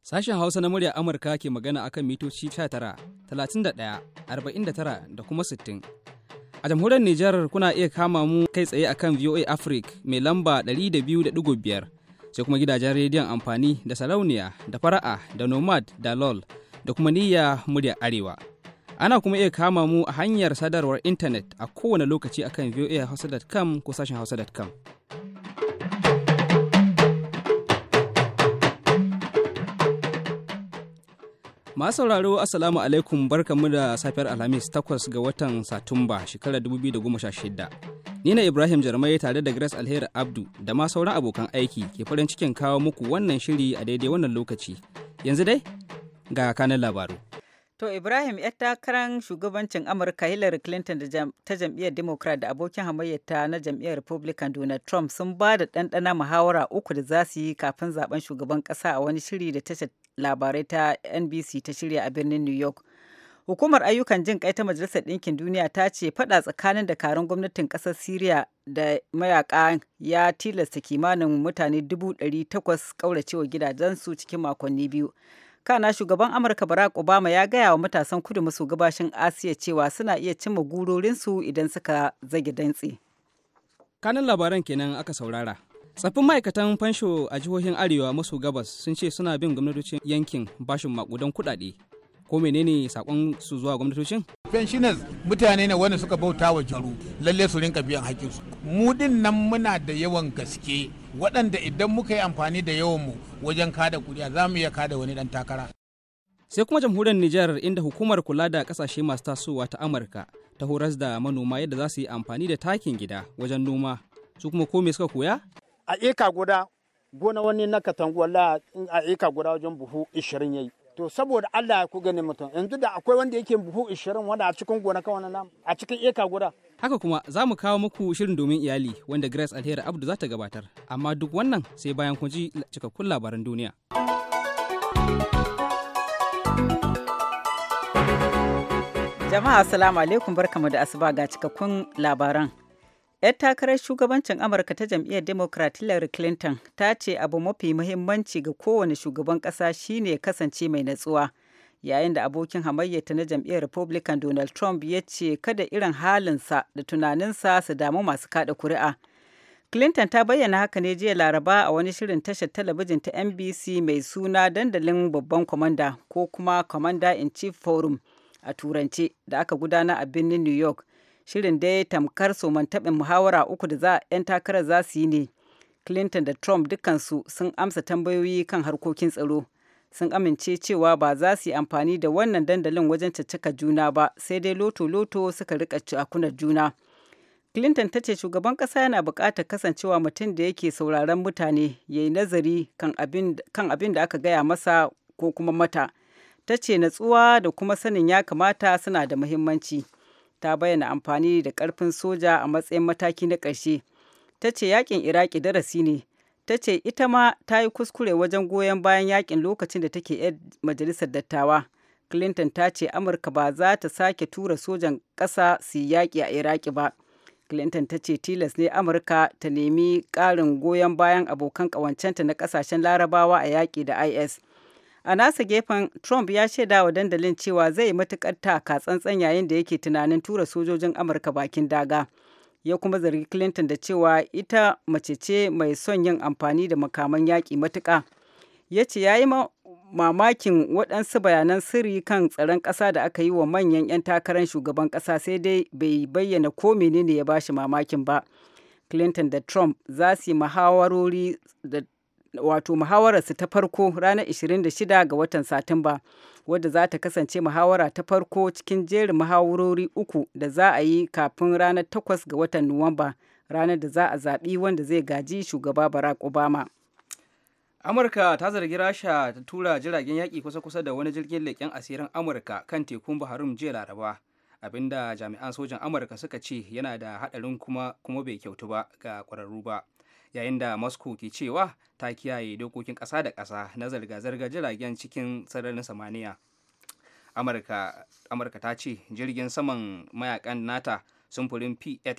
Sashen Hausa na murya Amurka ke magana akan mitoci 19, 31, 49 da kuma 60. A jamhuriyar Nijar kuna iya kama mu kai tsaye akan VOA Africa mai lamba 200.5 sai kuma gidajen rediyon amfani da sarauniya da fara'a da nomad da lol da kuma niyya murya arewa. Ana kuma iya kama mu a hanyar sadarwar intanet a kowane lokaci akan voahausa.com ko sashen hausa.com. Masu sauraro Assalamu alaikum barkamu da safiyar Alhamis takwas ga watan Satumba shekarar 2016. Ni na Ibrahim Jarmai tare da Grace Alheri Abdu da ma sauran abokan aiki ke farin cikin kawo muku wannan shiri a daidai wannan lokaci. Yanzu dai ga kanan labaru. To Ibrahim ‘yar takarar shugabancin Amurka Hillary Clinton da ta jam'iyyar Democrat da abokin hamayyata na jam'iyyar Republican Donald Trump sun ba da ɗanɗana muhawara uku da za su yi kafin zaben shugaban ƙasa a wani shiri da tashar labarai ta NBC ta shirya a birnin New York. Hukumar ayyukan jin kai ta Majalisar Ɗinkin Duniya ta ce faɗa tsakanin dakarun gwamnatin ƙasar Siriya da mayaƙa ya tilasta kimanin mutane dubu ɗari takwas ƙauracewa gidajensu cikin makonni biyu. kana shugaban amurka barack obama ya gaya wa matasan kudu maso gabashin asiya cewa suna iya cimma gurorinsu idan suka zage dantse kanan labaran kenan aka saurara tsaffin ma'aikatan fansho a jihohin arewa maso gabas sun ce suna bin gwamnatocin yankin bashin makudan kudade ko menene sakon su zuwa gwamnatocin pensioners mutane ne wanda suka bauta wa jaru lalle su rinka biyan hakkin su. mu din nan muna da yawan gaske waɗanda idan muka yi amfani da yawan mu wajen kada kuri'a za mu iya kada wani dan takara sai kuma jamhuriyar Nijar inda hukumar kula da kasashe masu tasowa ta Amurka ta horas da manoma yadda za su yi amfani da takin gida wajen noma su kuma kome suka koya? A eka guda gona wani na katangu a eka guda wajen buhu 20 yayi to saboda Allah ya ku gani mutum yanzu da akwai wanda yake buhu 20 wanda a cikin gonaka wani a cikin eka guda haka kuma za mu kawo muku shirin domin iyali wanda Grace Alheri Abdu za ta gabatar amma duk wannan sai bayan kun ji cikakkun labaran duniya jama'a assalamu alaikum barkamu da asuba ga cikakkun labaran 'Yar takarar shugabancin Amurka ta jam'iyyar Democrat Hillary Clinton ta ce abu mafi muhimmanci ga kowane shugaban ƙasa shine kasance mai natsuwa. Yayin da abokin hamayyata na jam'iyyar Republican Donald Trump ya ce kada irin halinsa da tunaninsa su damu masu kada kuri'a. Clinton ta bayyana haka ne jiya Laraba a wani shirin tashar talabijin ta NBC mai suna dandalin babban kwamanda ko kuma Commander in Chief Forum a turance da aka gudana a birnin New York. Shirin dai tamkar soman muhawara uku da za 'yan takarar za su yi ne. Clinton da Trump dukansu sun amsa tambayoyi kan harkokin tsaro. Sun amince cewa ba za su yi amfani da wannan dandalin wajen caccaka juna ba, sai dai loto-loto suka rika cakunar juna. Clinton ta ce shugaban kasa yana buƙatar kasancewa mutum da yake sauraron mutane ya yi nazari kan abin da aka gaya masa ko kuma mata. Ta ce natsuwa da kuma sanin ya kamata suna da muhimmanci. ta bayyana amfani da ƙarfin soja a matsayin mataki na ƙarshe. Ta ce yakin Iraki darasi ne. Ta ce ita ma ta yi kuskure wajen goyon bayan yakin lokacin da take 'yar majalisar dattawa. Clinton ta ce Amurka ba za ta sake tura sojan ƙasa su yi yaƙi a Iraki ba. Clinton ta ce tilas ne Amurka ta nemi ƙarin goyon bayan abokan ƙawancenta na ƙasashen larabawa a yaƙi da IS. A nasa gefen, Trump ya shaida wa dandalin cewa zai matukar taka tsantsan yayin da yake tunanin tura sojojin Amurka bakin daga. Ya kuma zargi Clinton da cewa ita mace ce mai son yin amfani da makaman yaƙi matuƙa. Ya ce ya yi mamakin waɗansu bayanan sirri kan tsaron ƙasa da aka yi wa manyan 'yan takarar shugaban ƙasa sai dai bai bayyana ko menene ya ba shi mamakin ba. Clinton da Trump za su yi muhawarori da wato muhawararsu ta farko ranar 26 ga watan Satumba, wadda za ta kasance muhawara ta farko cikin jerin muhawarori uku da za a yi kafin ranar takwas ga watan Nuwamba, ranar da za a zaɓi wanda zai gaji shugaba Barack Obama. Amurka ta zargi Rasha ta tura jiragen yaƙi kusa-kusa da wani jirgin leƙen asirin Amurka kan tekun Baharum jiya Laraba. abinda jami'an sojan amurka suka ce yana da haɗarin kuma kuma bai kyautu ba ga ƙwararru ba yayin da moscow ke cewa ta kiyaye dokokin ƙasa da ƙasa na zirga-zirgar jiragen cikin sararin samaniya amurka ta ce jirgin saman mayakan nata sumfurin pfa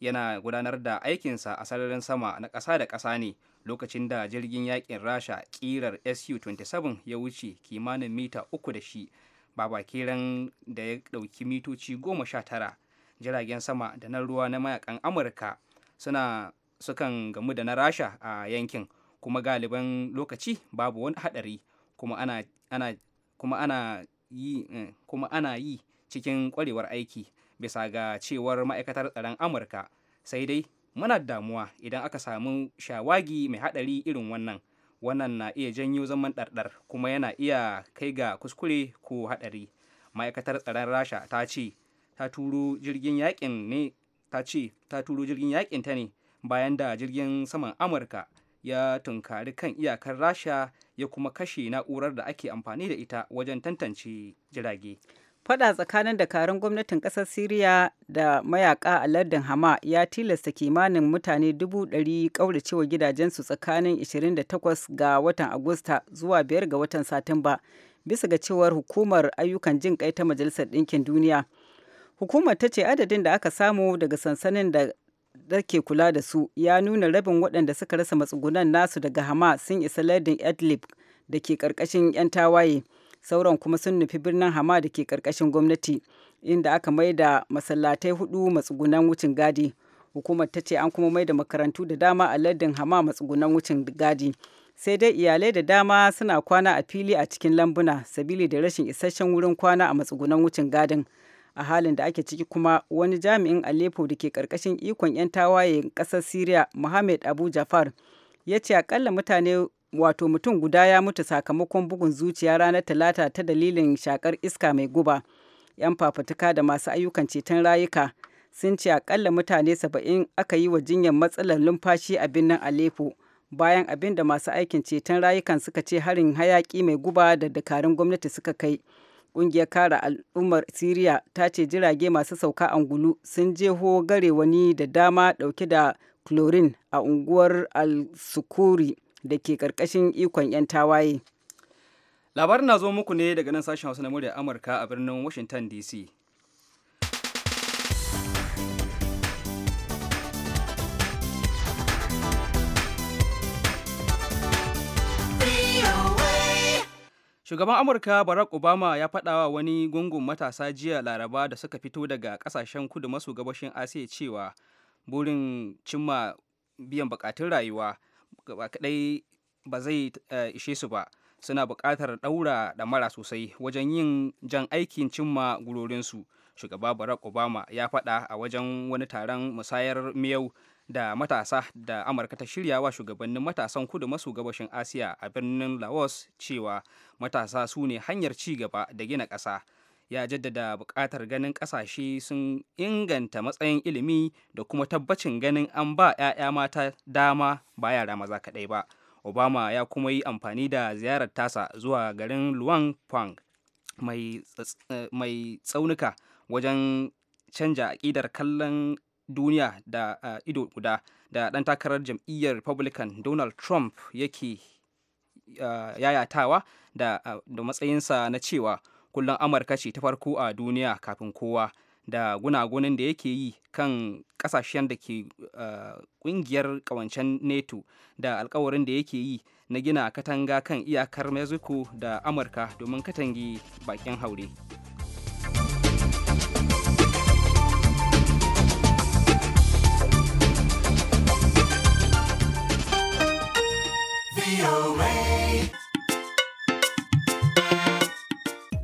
yana gudanar da aikinsa a sararin sama na ƙasa da ƙasa ne lokacin da jirgin yakin rasha kirar su-27 ya wuce kimanin mita uku da shi babakiran da ya ɗauki mitoci goma sha tara jiragen sama da na ruwa na mayakan amurka suna sukan gamu da na rasha a yankin kuma galiban lokaci babu wani haɗari kuma ana, ana, kuma ana yi eh, kuma ana yi cikin kwarewar aiki bisa ga cewar ma'aikatar tsaron amurka sai dai muna damuwa idan aka samu shawagi mai haɗari irin wannan wannan na iya janyo zaman ɗarɗar kuma yana iya kai ga kuskure ko haɗari ma'aikatar tsaron rasha ta ce ta turo jirgin yakin ne ta ce ta turo jirgin yakin ta ne bayan da jirgin saman amurka ya tunkari kan iyakar rasha ya kuma kashe na'urar da ake amfani da ita wajen tantance jirage fada tsakanin dakarun gwamnatin kasar siriya da mayaka a lardin hama ya tilasta kimanin mutane dubu ɗari gidajensu tsakanin 28 ga watan agusta zuwa 5 ga watan satumba bisa ga cewar hukumar ayyukan jin kai ta majalisar ɗinkin duniya hukumar ta ce adadin da aka samu daga sansanin da da ke kula da su ya nuna rabin waɗanda suka rasa matsugunan nasu daga Hama sun isa lardin Idlib da ke ƙarƙashin 'yan tawaye. Sauran kuma sun nufi birnin Hama da ke ƙarƙashin gwamnati, inda aka mai da masallatai hudu matsugunan wucin gadi. Hukumar ta ce an kuma mai da makarantu da dama a lardin Hama matsugunan wucin gadi. Sai dai iyalai da dama suna kwana a fili a cikin lambuna, sabili da rashin isasshen wurin kwana a matsugunan wucin gadin. a halin da ake ciki kuma wani jami'in aleppo da ke karkashin ikon 'yan tawaye kasar syria mohammed abu jafar ya ce akalla mutane wato mutum guda ya mutu sakamakon bugun zuciya ranar talata ta dalilin shakar iska mai guba 'yan fafutuka da masu ayyukan ceton rayuka sun ce akalla mutane saba'in aka yi wa jinyar matsalar numfashi a birnin aleppo bayan abin da masu aikin ceton rayukan suka ce harin hayaki mai guba da dakarun gwamnati suka kai Ƙungiyar kare al'ummar Siriya ta ce jirage masu sauka angulu sun jeho garewani da dama dauke da chlorine a unguwar Al-Sukuri da ke ƙarƙashin ikon 'yan tawaye. Labarin na zo muku ne daga nan sashen Hausa na murya Amurka a birnin Washington DC. Shugaban Amurka Barack Obama ya faɗawa wani gungun matasa jiya Laraba da suka fito daga ƙasashen kudu maso gabashin Asiya cewa burin cimma biyan bukatun rayuwa gaba kadai ba zai eh, ishe su ba suna buƙatar ɗaura ɗamara sosai wajen yin jan aikin cimma gurorinsu shugaba barack obama ya faɗa a wajen wani taron musayar miyau da matasa da amurka ta shirya wa shugabannin matasan kudu maso gabashin asiya a birnin laos cewa matasa su ne hanyar ci gaba da gina ƙasa ya jaddada buƙatar ganin ƙasashe sun inganta matsayin ilimi da kuma tabbacin ganin an ba 'ya'ya mata dama ba yara maza kaɗai ba obama ya kuma yi amfani da ziyarar tasa zuwa garin luang pang mai tsaunuka wajen canja aƙidar kallon duniya da eh, ido guda da ɗan takarar jam'iyyar republican donald trump yake eh, yayatawa da eh, da matsayinsa na cewa kullum amurka ce ta farko a duniya kafin kowa da gunagunin da yake yi kan kasashen da ke kungiyar kawancen nato da alkawarin da yake yi na gina katanga kan iyakar mexico da amurka domin katange bakin haure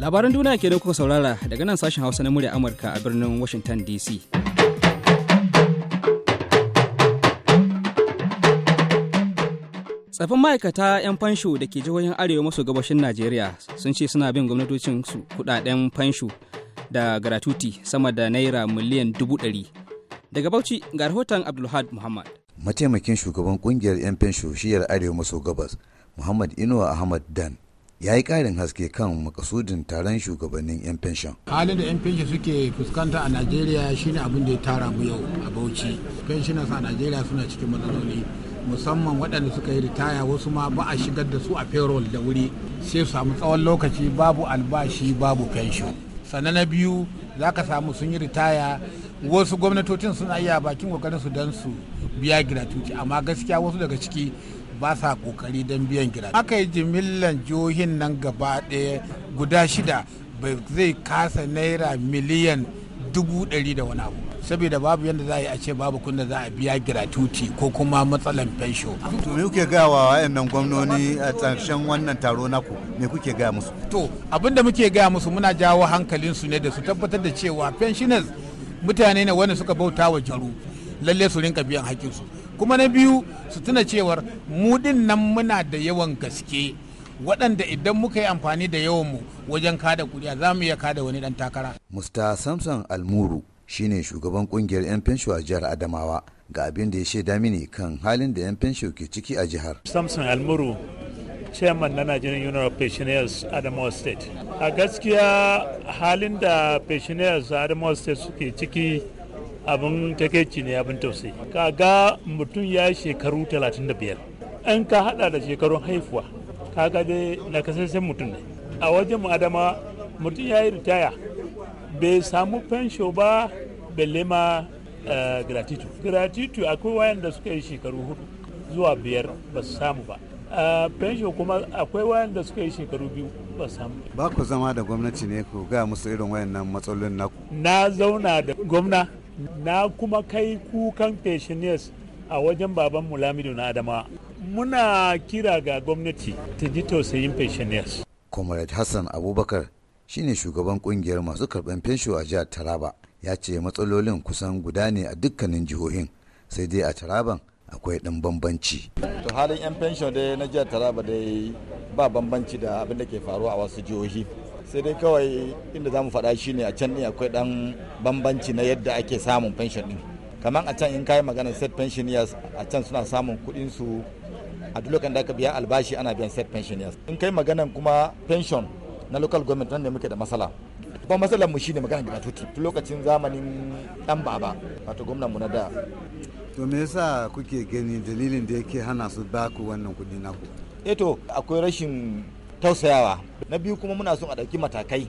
Labaran duniya ke da kuka saurara daga nan sashen Hausa na murya Amurka a birnin Washington DC. Tsafin ma'aikata 'yan fansho da ke jihohin arewa maso gabashin Najeriya sun ce suna bin gwamnatocin su kudaden fansho da garatuti sama da naira miliyan dubu ɗari. Daga Bauchi ga rahoton Abdulhad Muhammad. mataimakin shugaban kungiyar 'yan fensho shiyar arewa maso gabas muhammad inuwa ahmad dan ya yi karin haske kan makasudin taron shugabannin 'yan fenshon. halin da 'yan fenshon suke fuskanta a najeriya shine abin da ya tara mu yau a bauchi fenshinas a najeriya suna cikin matsaloli musamman waɗanda suka yi ritaya wasu ma ba a shigar da su a payroll da wuri sai su samu tsawon lokaci babu albashi babu fenshon sannan na biyu za ka samu sun yi ritaya wasu gwamnatocin suna iya bakin kokarin su don su biya giratuti amma gaskiya wasu daga ciki ba sa kokari don biyan giratuti aka yi jimillan jihohin nan gaba ɗaya guda shida bai zai kasa naira miliyan dubu ɗari da wani abu saboda babu yadda za a yi a ce babu kunda za a biya giratuti ko kuma matsalan fensho. To me kuke ga wa nan gwamnoni a tsarshen wannan taro naku me kuke gaya musu? To abin da muke gaya musu muna jawo hankalinsu ne da su tabbatar da cewa pensioners mutane ne wanda suka bauta wa jaru lalle su rinka biyan hakinsu kuma na biyu su tuna cewar mu nan muna da yawan gaske waɗanda idan muka yi amfani da yawanmu wajen kada kuri'a za mu iya kada wani ɗan takara. musta samson almuru shine shugaban kungiyar 'yan fensho a jihar adamawa ga abin da ya shaida mini kan halin da 'yan fensho ke ciki a jihar. samson almuru chairman na Nigerian Union of Pensioners Adamawa State. A gaskiya halin da pensioners Adamawa State suke ciki abin takeici ne abin tausayi kaga mutum ya yi shekaru 35 In ka hada da shekarun haifuwa kaga dai kasashen mutum ne a wajen adama mutum ya yi ritaya bai samu fensho ba belle ma gratitu eh, gratitu akwai wayanda suka yi shekaru hudu zuwa biyar ba su samu ba eh, fensho kuma akwai wayanda suka yi shekaru biyu ba samu ba ku zama da gwamnati ne ku ga musu irin wayannan matsalolin naku na zauna da gwamna na kuma kai kukan pensioners a wajen baban mulamido na adama muna kira ga gwamnati ta ji tausayin pensioners comrade hassan abubakar shine shugaban kungiyar masu karban fensho a jihar taraba ya ce matsalolin kusan guda ne a dukkanin jihohin sai dai a taraban akwai ɗan bambanci. to halin 'yan fenshon dai na jihar taraba dai ba bambanci da abin da ke faruwa a wasu jihohi sai dai kawai inda za mu faɗa shi ne a can ɗin akwai ɗan bambanci na yadda ake samun pension ɗin kamar a can in kayi magana set pensioners a can suna samun kuɗin su a duk lokacin da aka biya albashi ana biyan set pensioners in kai maganan kuma pension na local government nan ne muke da matsala kuma matsalar mu shine gida gratuity tun lokacin zamanin dan baba wato gwamnan mu na da to me yasa kuke gani dalilin da yake hana su baku wannan kuɗi ku eh to akwai rashin tausayawa na biyu kuma muna son a ɗauki matakai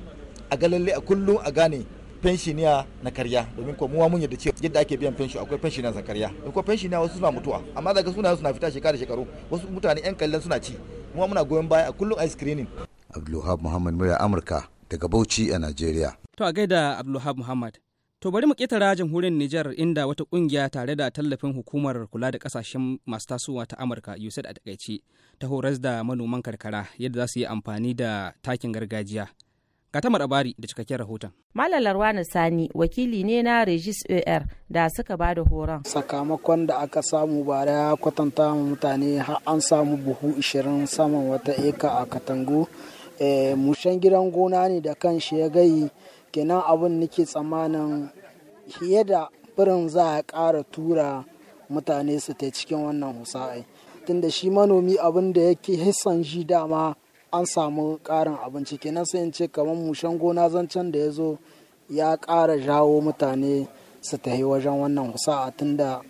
a ga a kullum a gane fenshiniya na karya domin ko muwa mun yadda cewa yadda ake biyan fenshi akwai fenshiniya na karya domin ko fenshiniya wasu suna mutuwa amma daga suna suna fita shekara shekaru wasu mutane yan kallon suna ci muwa muna goyon baya a kullum a screening Abdulwahab Muhammad murya Amurka daga Bauchi a Najeriya to a gaida Abdulwahab Muhammad To bari mu ƙetara jamhuriyar Nijar inda wata ƙungiya tare da tallafin hukumar kula da ƙasashen masu tasowa ta Amurka USAID a takaice ta horas da manoman karkara yadda za su yi amfani da takin gargajiya. Ga ta labari da cikakken rahoton. Malam Larwana Sani wakili ne na Regis OR da suka ba da horon. Sakamakon da aka samu bara ya kwatanta mutane har an samu buhu 20 saman wata eka a Katangu. Eh, mushen gidan gona ne da kan shi ya gayi kenan abin nake tsammanin fiye da birin za a ƙara tura mutane su ta cikin wannan husa'ai tunda shi manomi abin da yake hissan shi dama an samu ƙarin abinci kenan sai in ce kamar mushen gona zancen da ya zo ya kara jawo mutane su ta yi wajen wannan husa'a tunda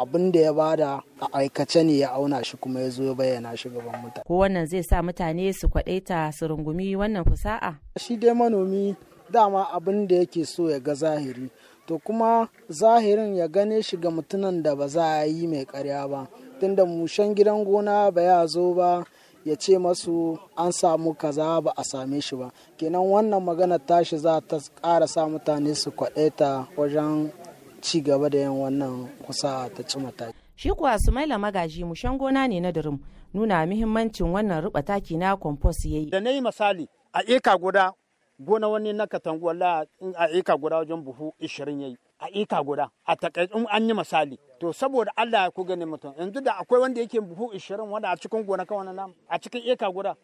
abin da ya bada a aikace ne ya auna shi kuma ya zo ya bayyana shi gaban mutane. Ko wannan zai sa mutane su kwaɗaita su rungumi wannan fusa'a? Shi dai manomi dama abin da yake so ya ga zahiri. To kuma zahirin ya gane shi ga mutunan da ba za a yi mai karya ba. Tunda mushen gidan gona ba ya zo ba ya ce masu an samu kaza ba a same shi ba kenan wannan magana tashi za ta ƙara sa mutane su kwaɗe wajen ci gaba da yin wannan kusa ta ci mataki. Shi kuwa maila Magaji mushan gona ne na durum nuna muhimmancin wannan ruba taki na compost yayi. Da na yi misali a eka guda gona wani na katangu walla a eka guda wajen buhu 20 yayi. a eka guda a takaice in an yi misali to saboda Allah ya ku gani mutum yanzu da akwai wanda yake buhu 20 wanda a cikin gona kan na nam a cikin eka guda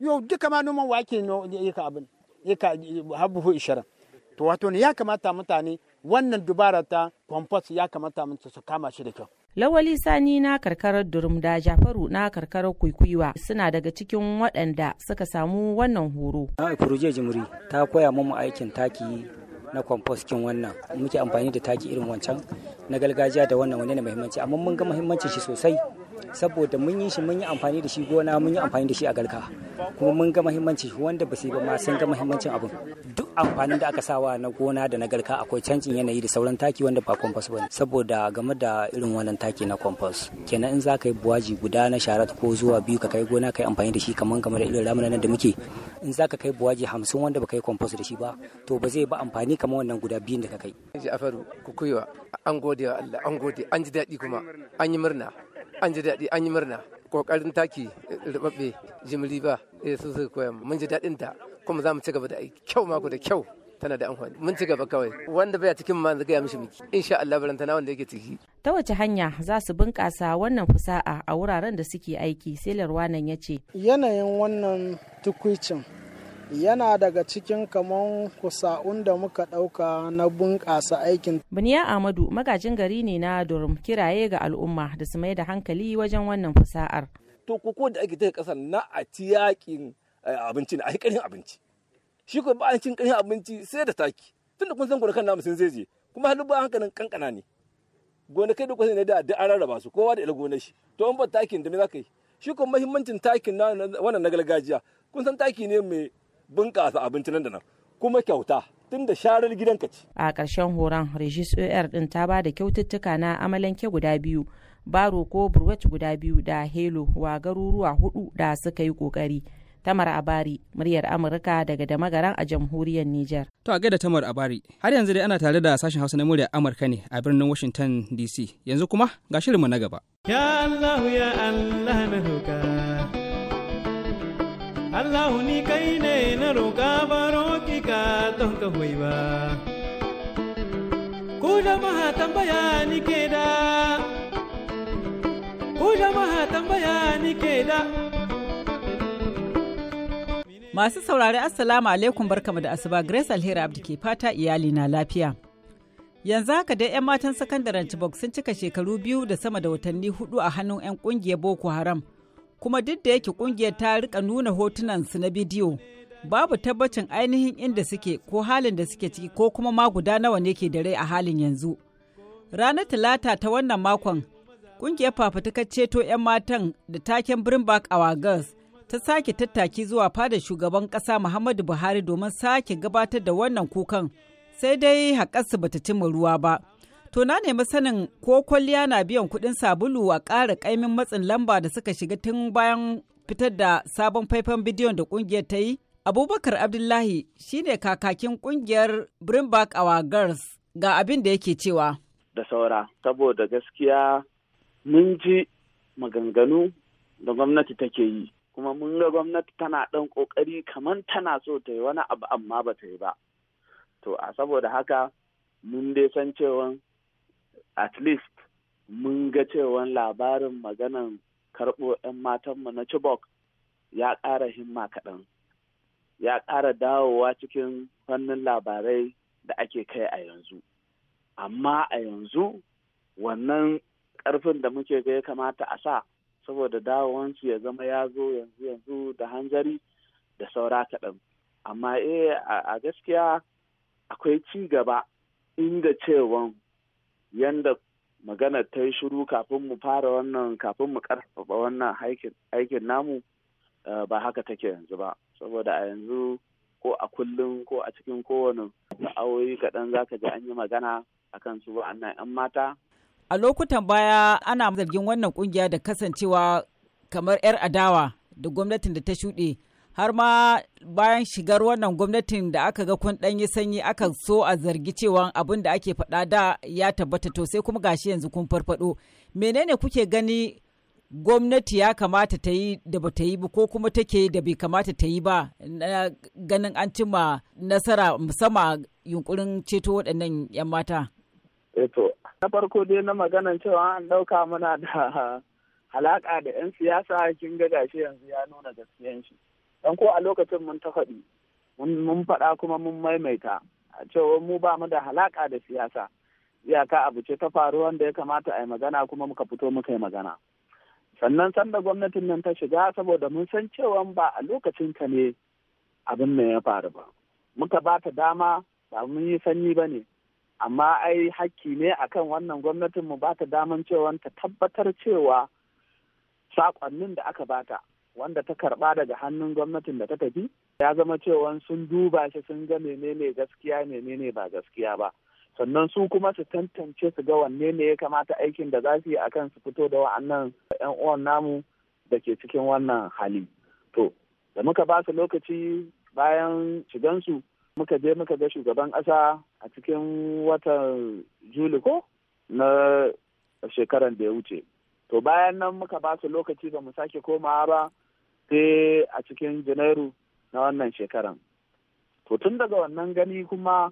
yau duka ma noman wake ne eka abin eka har buhu 20 to wato ne ya kamata mutane wannan dubara ta compost ya kamata mun su kama shi da kyau Lawali Sani na karkarar Durum da Jafaru na karkarar Kuikuiwa suna daga cikin waɗanda suka samu wannan horo. Na Furuje Jimri ta koya mu aikin taki na compost kin wannan muke amfani da taki irin wancan na gargajiya da wannan wani ne muhimmanci amma mun ga muhimmancin shi sosai saboda mun yi shi mun yi amfani da shi gona mun yi amfani da shi a galka kuma mun ga muhimmanci wanda ba su ba ma sun ga muhimmancin abin duk amfanin da aka sawa na gona da na galka akwai canjin yanayi da sauran taki wanda ba compost bane saboda game da irin wannan taki na compost kenan in za ka yi buwaji guda na sharat ko zuwa biyu ka kai gona ka yi amfani da shi kamar kamar irin ramuna nan da muke in za ka kai buwaji hamsin wanda ba ka yi compost da shi ba to ba zai ba amfani kamar wannan guda biyun da ka kai. an gode wa Allah an gode an ji daɗi kuma an yi murna an ji daɗi an yi murna kokarin taki rubabbe jimli ba eh, su su koya mun ji daɗin ta kuma za mu ci gaba da aiki kyau mako da kyau tana da amfani mun ci gaba kawai wanda baya cikin ma zai ga mishi miki insha Allah barantana wanda yake ciki ta wace hanya za su bunƙasa wannan fusa'a a wuraren da suke aiki sai larwanan ya ce yanayin wannan tukwicin yana daga cikin kaman kusa'un da muka dauka na bunƙasa aikin. Buniya Ahmadu magajin gari ne na Durum kiraye ga al'umma da su mai da hankali wajen wannan fasa'ar. To koko da ake daga ƙasar na a ci yaƙin eh, abinci na a ƙarin abinci. Shi ko ba a cin ƙarin abinci sai da taki. Tun da kun san gonakan namu sun zai kuma halin ba hankalin kankana ne. Gonakai da kwasan ne da an rarraba su kowa da ila gonar shi. To an ba takin da me za ka yi? Shi ko muhimmancin takin na wannan na gargajiya kun san taki ne mai bunƙasa abinci nan da nan kuma kyauta tun da sharar gidanka ce. A ƙarshen horon Regis OR ɗin ta ba da kyaututtuka na amalanke guda biyu, baro ko burwet guda biyu da helo wa garuruwa hudu da suka yi ƙoƙari. Tamar Abari, muryar Amurka daga Damagaran a jamhuriyar Nijar. To a gaida Tamar Abari, har yanzu dai ana tare da sashen Hausa na muryar Amurka ne a birnin Washington DC. Yanzu kuma ga shirinmu na gaba. Ya Allah ya Allah na hukar. Allah ni kai ne na roƙa baro ki ka don ka hoyi ba. Ku jama'a tambaya ke da, ku jama'a tambaya ke da. Masu saurari Assalamu alaikum barkamu da asuba Grace Alheri Abdi ke fata iyali na lafiya. Yanzu haka dai 'yan matan sakandaren Chibok sun cika shekaru biyu da sama da watanni hudu a hannun 'yan kungiyar Boko Haram. kuma duk da yake kungiyar ta rika nuna hotunansu na bidiyo babu tabbacin ainihin inda suke ko halin da suke ciki ko kuma ma guda nawa ne ke da rai a halin yanzu ranar talata ta wannan makon kungiyar fafutukar ceto 'yan matan da taken bring a our ta sake tattaki zuwa fadar shugaban kasa muhammadu buhari domin sake gabatar da wannan kukan sai dai haƙarsu bata cimma ruwa ba To na nemi sanin ko kwalliya na biyan kuɗin sabulu a ƙara ƙaimin matsin lamba da suka shiga tun bayan fitar da sabon faifan bidiyon da ƙungiyar ta yi? Abubakar Abdullahi shine kakakin ƙungiyar Bring Back Our Girls ga abin da yake cewa. Da saura, saboda gaskiya mun ji maganganu da gwamnati take yi, kuma mun ga gwamnati tana ɗan ƙoƙari kamar tana so ta yi wani abu amma ba ta yi ba. To, a saboda haka mun dai san cewa at least mun ga cewan labarin maganan karɓo 'yan matanmu na Chibok ya ƙara himma kaɗan, ya ƙara dawowa cikin fannin labarai da ake kai a yanzu. Amma a yanzu wannan ƙarfin da muke ga ya kamata a sa saboda dawowansu ya zama ya zo yanzu yanzu da hanzari da saura kaɗan. Amma eh a gaskiya akwai ci gaba inda cewan yanda magana ta yi shiru kafin mu fara wannan kafin mu karfafa wannan aikin namu eh, ba haka take yanzu ba saboda a yanzu ko a kullum ko a cikin kowane sa'awoyi kaɗan za ka ji an yi magana a akan su na 'yan mata a lokutan baya ana zargin wannan kungiya da kasancewa kamar 'yar adawa da gwamnatin da ta shuɗe har ma bayan shigar wannan gwamnatin da aka ga kun yi sanyi aka so a zargi cewa abin da ake faɗa da ya tabbata to sai kuma gashi yanzu kun farfado menene kuke gani gwamnati ya kamata ta yi da ba ta yi ba ko kuma take da bai kamata ta yi ba na ganin an cimma nasara musamman yunkurin ceto waɗannan 'yan mata eto eh na farko dai na maganan cewa an dauka muna da alaƙa da 'yan siyasa kin ga gashi yanzu ya nuna gaskiyan shi don ko a lokacin mun ta faɗi mun faɗa kuma mun maimaita a cewa mu ba mu da halaƙa da siyasa iyaka abu ce ta faru wanda ya kamata a yi magana kuma muka fito muka yi magana sannan sanda gwamnatin nan ta shiga saboda mun san cewa ba a lokacin ka ne abin nan ya faru ba muka ba ta dama ba mun yi sanyi ba ne amma ai hakki ne akan wannan gwamnatin mu ba ta daman cewa ta tabbatar cewa sakonnin da aka bata wanda ta karba daga hannun gwamnatin da ta tafi ya zama cewa sun duba shi sun ga menene gaskiya menene ba gaskiya ba sannan su kuma su tantance su ga wanne ne ya kamata aikin da za su yi akan su fito da wa'annan yan uwan namu da ke cikin wannan hali to da muka ba su lokaci bayan shigansu muka je muka ga shugaban ƙasa a cikin watan juli ko na shekaran da ya wuce to bayan nan muka ba su lokaci ba mu sake komawa ba sai a cikin janairu na wannan shekaran to tun daga wannan gani kuma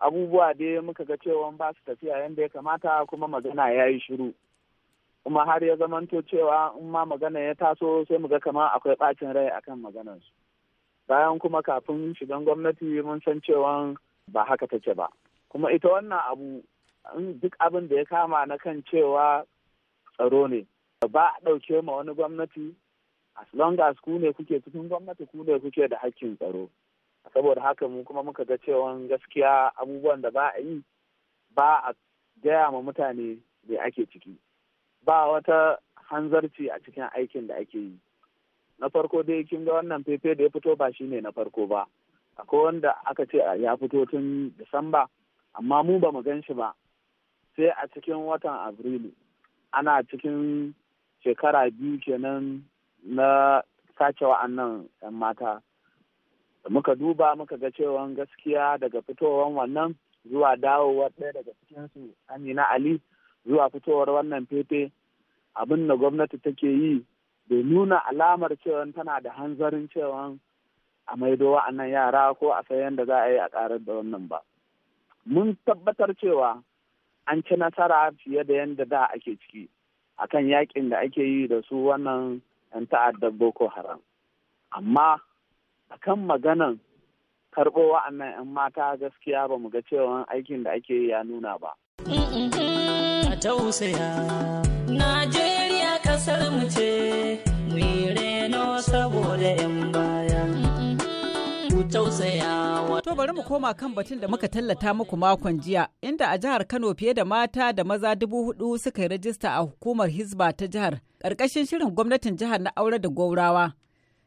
abubuwa dai muka ga cewa ba su tafiya yadda ya kamata kuma magana ya yi shiru kuma har ya zamanto cewa in ma magana ya taso sai mu ga kamar akwai bacin rai akan maganar su. bayan kuma kafin shigan gwamnati mun san cewa ba haka take ba kuma ita wannan abu duk abin da ya kama na kan cewa tsaro ne ba a ɗauke ma wani gwamnati as long as ku ne kuke cikin gwamnati ku ne kuke da hakkin tsaro saboda haka mu kuma muka ga cewa gaskiya abubuwan da ba a yi ba a gaya ma mutane da ake ciki ba wata hanzarci a cikin aikin da ake yi na farko dai kin ga wannan fefe da ya fito ba shi ne na farko ba akwai wanda aka ce ya fito tun disamba amma mu ba mu gan shi ba sai a cikin watan afrilu ana cikin shekara biyu kenan na sace wa'annan 'yan mata muka duba muka ga cewa gaskiya daga fitowar wannan zuwa dawowar ɗaya daga cikinsu amina ali zuwa fitowar wannan fefe abin da gwamnati take yi bai nuna alamar cewa tana da hanzarin cewa a maido wa'annan yara ko a sayan da za a yi a karar da wannan ba mun tabbatar cewa an ci nasara fiye da yadda da ake ciki akan yakin da ake yi da su wannan 'yan ta'addar boko haram amma a kan maganan karɓo wa'annan 'yan mata gaskiya ba mu ga cewa aikin da ake yi ya nuna ba a tausaya najeriya kasar mu ce mu reno saboda 'yan baya To bari mu koma kan batun da muka tallata muku makon jiya, inda a jihar Kano fiye da mata da maza dubu hudu suka yi rajista a hukumar Hizba ta jihar, ƙarƙashin shirin gwamnatin jihar na aure da gaurawa.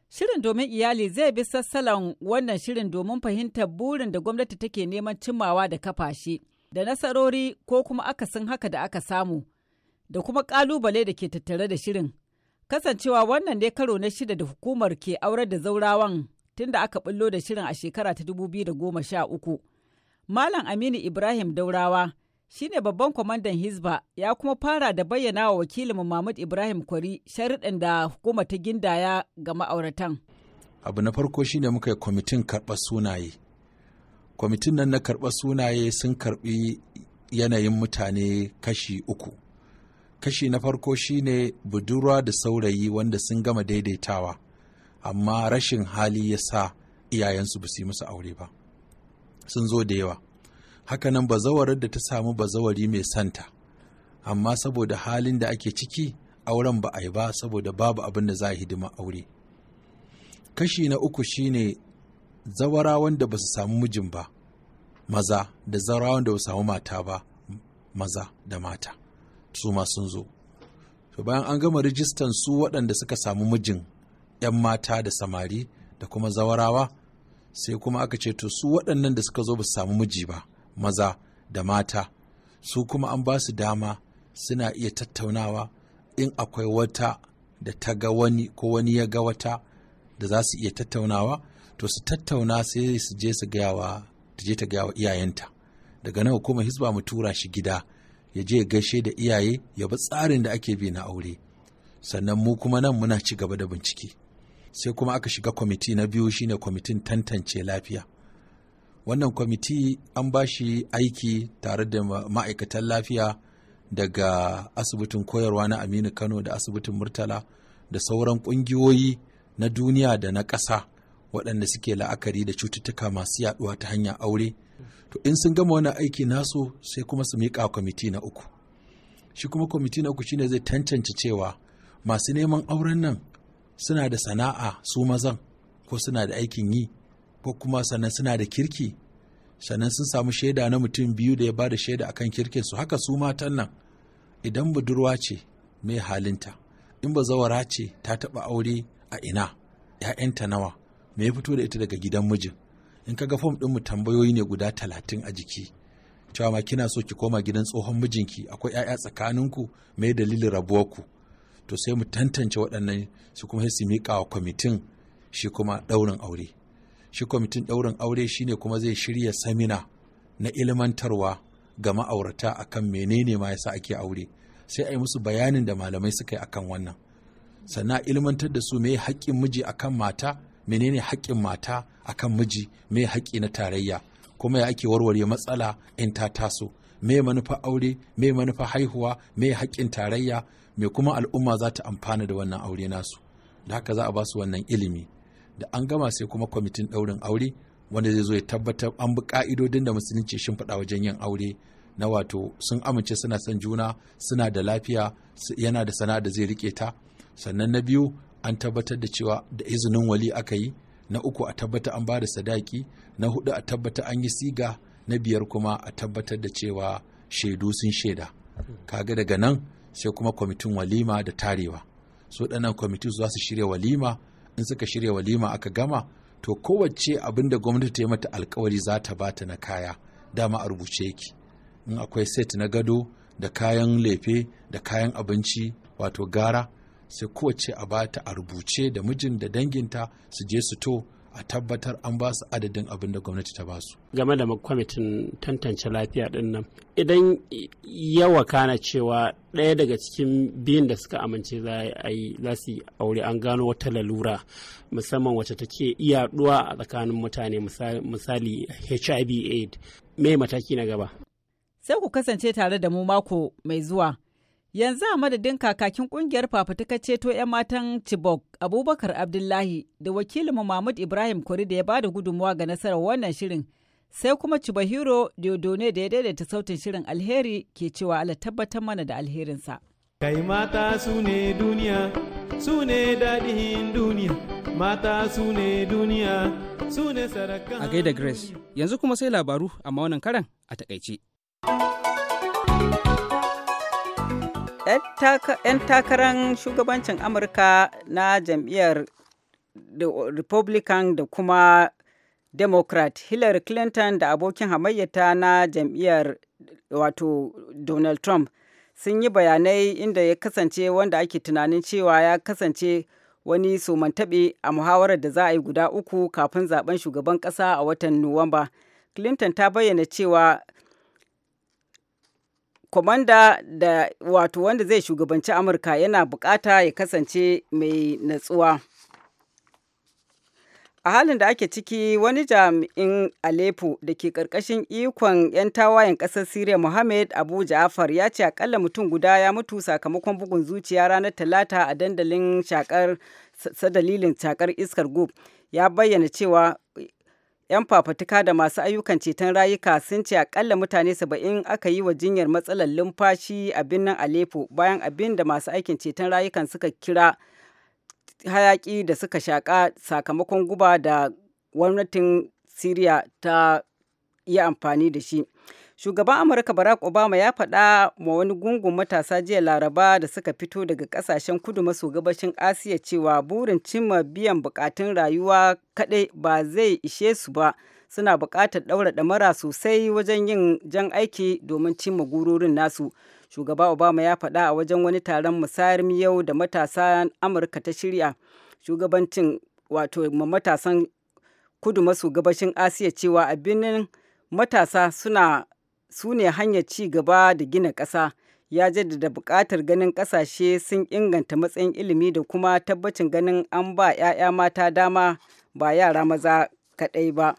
Shirin domin iyali zai bi sassalan wannan shirin domin fahimtar burin da gwamnati take neman cimmawa da kafa shi, da nasarori ko kuma aka akasin haka da aka samu, da kuma ƙalubale da ke tattare da shirin. Kasancewa wannan ne karo na shida da hukumar ke aure da zaurawan tun da aka bullo da shirin a shekara ta 2013. Malam Aminu Ibrahim Daurawa shi ne babban kwamandan Hizba ya kuma fara da bayyana wa wakilin Mahmud Ibrahim Kwari sharuɗin da hukuma ta gindaya ga ma'auratan. Abu na farko shine muka yi kwamitin karɓar sunaye. Kwamitin nan na karɓar sunaye sun karɓi yanayin mutane kashi uku. Kashi na farko shine budurwa da saurayi wanda sun gama daidaitawa. amma rashin hali ya sa iyayensu ba su yi musu aure ba sun zo da yawa hakanan bazawarar da ta samu bazawari mai santa amma saboda halin da ake ciki auren ba a yi ba saboda babu abin da za a hidima aure kashi na uku shine zawara wanda ba su samu mijin ba maza da zawara wanda ba su samu mata ba maza da mata su ma sun zo bayan an gama rijistan su waɗanda suka samu mijin 'yan mata da samari da kuma zawarawa sai kuma aka ce to su waɗannan da suka zo ba su samu miji ba maza da mata su kuma an ba su dama suna iya tattaunawa in akwai wata da ta ga wani ko wani ya ga wata da za su iya tattaunawa to su tattauna sai su je su gayawa ta gayawa iyayenta daga nan hukumar hisba mu tura shi gida ya je gaishe da iyaye ya bi tsarin da ake bi na aure sannan mu kuma nan muna ci gaba da bincike sai kuma aka shiga kwamiti na biyu shine kwamitin tantance lafiya wannan kwamiti an ba shi aiki tare da ma'aikatan lafiya daga asibitin koyarwa na aminu kano da asibitin murtala da sauran ƙungiyoyi na duniya da na ƙasa waɗanda suke la'akari da cututtuka masu yaɗuwa ta hanyar aure to in sun gama wani aiki nasu sai kuma su miƙa kwamiti na uku shi kuma kwamiti na uku shine zai tantance cewa masu neman auren nan suna da sana'a su mazan ko suna da aikin yi ko kuma sannan suna da kirki sannan sun samu shaida na mutum biyu da ya ba da shaida akan kirkin su haka su matan nan idan budurwa ce mai halinta in ba zawara ce ta taɓa aure a ina ‘ya'yanta nawa me ya fito da ita daga gidan mijin in ka ga fom ɗin mu tambayoyi ne guda talatin a jiki cewa ma kina so ki koma gidan tsohon mijinki akwai ‘ya'ya tsakaninku mai dalilin ku. to sai mu tantance waɗannan su kuma sai su miƙa wa kwamitin shi kuma ɗaurin aure shi kwamitin ɗaurin aure shine kuma zai shirya samina na ilmantarwa ga ma'aurata akan menene ma yasa ake aure sai a yi musu bayanin da malamai suka yi akan wannan sannan ilmantar da su me haƙƙin miji akan mata menene haƙƙin mata akan miji me haƙƙi na tarayya kuma ya ake warware matsala in ta taso me manufa aure me manufa haihuwa me haƙƙin tarayya Mai kuma al'umma za ta amfana da wannan aure nasu da haka za a ba su wannan ilimi da an gama sai kuma kwamitin ɗaurin aure wanda zai zo ya tabbatar an bi ka'idodin da musulunci shin faɗa wajen yin aure na wato sun amince suna son juna suna da lafiya yana da sana'a da zai rike ta sannan na biyu an tabbatar da cewa da izinin wali aka yi na uku a tabbata an ba da sadaki na hudu a tabbata an yi siga na biyar kuma a tabbatar da cewa shaidu sun shaida kaga daga nan sai kuma kwamitin walima da tarewa su ɗanan kwamitin za su shirya walima in suka shirya walima aka gama to kowace abin da gwamnati ta yi mata alkawari za ta bata na kaya dama a rubuce yake in akwai set na gado da kayan lefe da kayan abinci wato gara sai kowace a bata a rubuce da mijin da danginta su je su to a tabbatar an ba su adadin abin da gwamnati ta ba su game da kwamitin tantance lafiya din nan idan yawa kana cewa ɗaya daga cikin biyun da suka amince za su yi aure an gano wata lalura musamman wacce take yaduwa a tsakanin mutane misali hiv aid mai mataki na gaba sai ku kasance tare da mu mako mai zuwa Yanzu a madadin kakakin kungiyar fafutuka ceto 'yan matan Chibok Abubakar Abdullahi da wakilinmu Mahmud Ibrahim Kori da ya ba da gudunmawa ga nasarar wannan shirin sai kuma Chibahiro Diodone da ya daidaita sautin shirin alheri ke cewa ala tabbatar mana da alherinsa. Kai mata su ne duniya, su ne daɗin duniya, mata su ne duniya, su ne sarakan A gaida Grace, yanzu kuma sai labaru amma wannan karan a takaice. 'yan takarar shugabancin amurka na jam'iyyar republican da kuma democrat hillary clinton da abokin hamayyata na jam'iyyar wato donald trump sun yi bayanai inda ya kasance wanda ake tunanin cewa ya kasance wani somantaɓe a muhawarar da za a yi guda uku kafin zaben shugaban ƙasa a watan nuwamba clinton ta bayyana cewa kwamanda da wato wanda zai shugabanci amurka yana bukata ya kasance mai natsuwa a halin da ake ciki wani jami'in aleppo da ke karkashin ikon 'yan tawayen kasar syria mohammed abu ja'afar ya ce akalla mutum guda ya mutu sakamakon bugun zuciya ranar talata a dandalin shakar sa dalilin shakar iskar gub ya bayyana cewa 'yan fafutuka da masu ayyukan ceton rayuka sun ce akalla mutane 70 aka yi wa jinyar matsalar lumfashi a birnin Aleppo bayan abin da masu aikin ceton rayukan suka kira hayaki da suka shaƙa sakamakon guba da gwamnatin Siriya ta yi amfani da shi. Shugaban Amurka Barack Obama ya faɗa ma wani gungun matasa jiya Laraba da suka fito daga ƙasashen kudu maso gabashin Asiya cewa burin cimma biyan bukatun rayuwa kaɗai ba zai ishe su ba. Suna buƙatar ɗaura ɗamara sosai wajen yin jan aiki domin cimma gurorin nasu. Shugaba Obama ya faɗa a wajen wani taron musayar yau da matasan Amurka ta shirya. Shugabancin wato matasan kudu maso gabashin Asiya cewa abinin matasa suna su ne hanyar ci gaba da gina ƙasa ya jaddada buƙatar ganin ƙasashe sun inganta matsayin ilimi da kuma tabbacin ganin an ba 'ya'ya mata dama ba yara maza kaɗai ba.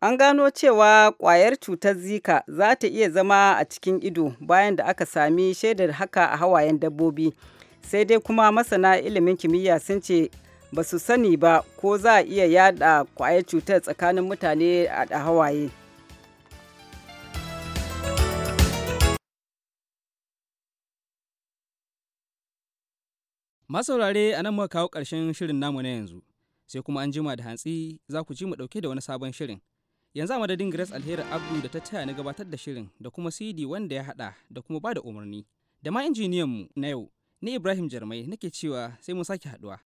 An gano cewa ƙwayar cutar Zika za ta iya zama a cikin ido bayan da aka sami shaidar haka a hawayen dabbobi. Sai dai kuma masana ilimin kimiyya sun ce ba su sani ba ko za a iya yada kwayar cutar tsakanin mutane a hawaye. Masaurare a nan muka kawo ƙarshen shirin namu na yanzu, sai kuma an jima da hantsi za ku ji mu ɗauke da wani sabon shirin. Yanzu a madadin Grace Alheri Abdu da ta taya na gabatar da shirin da kuma CD wanda ya haɗa da kuma ba da umarni. Da ma injiniyanmu na yau, ni Ibrahim Jarmai nake cewa sai mu sake haɗuwa.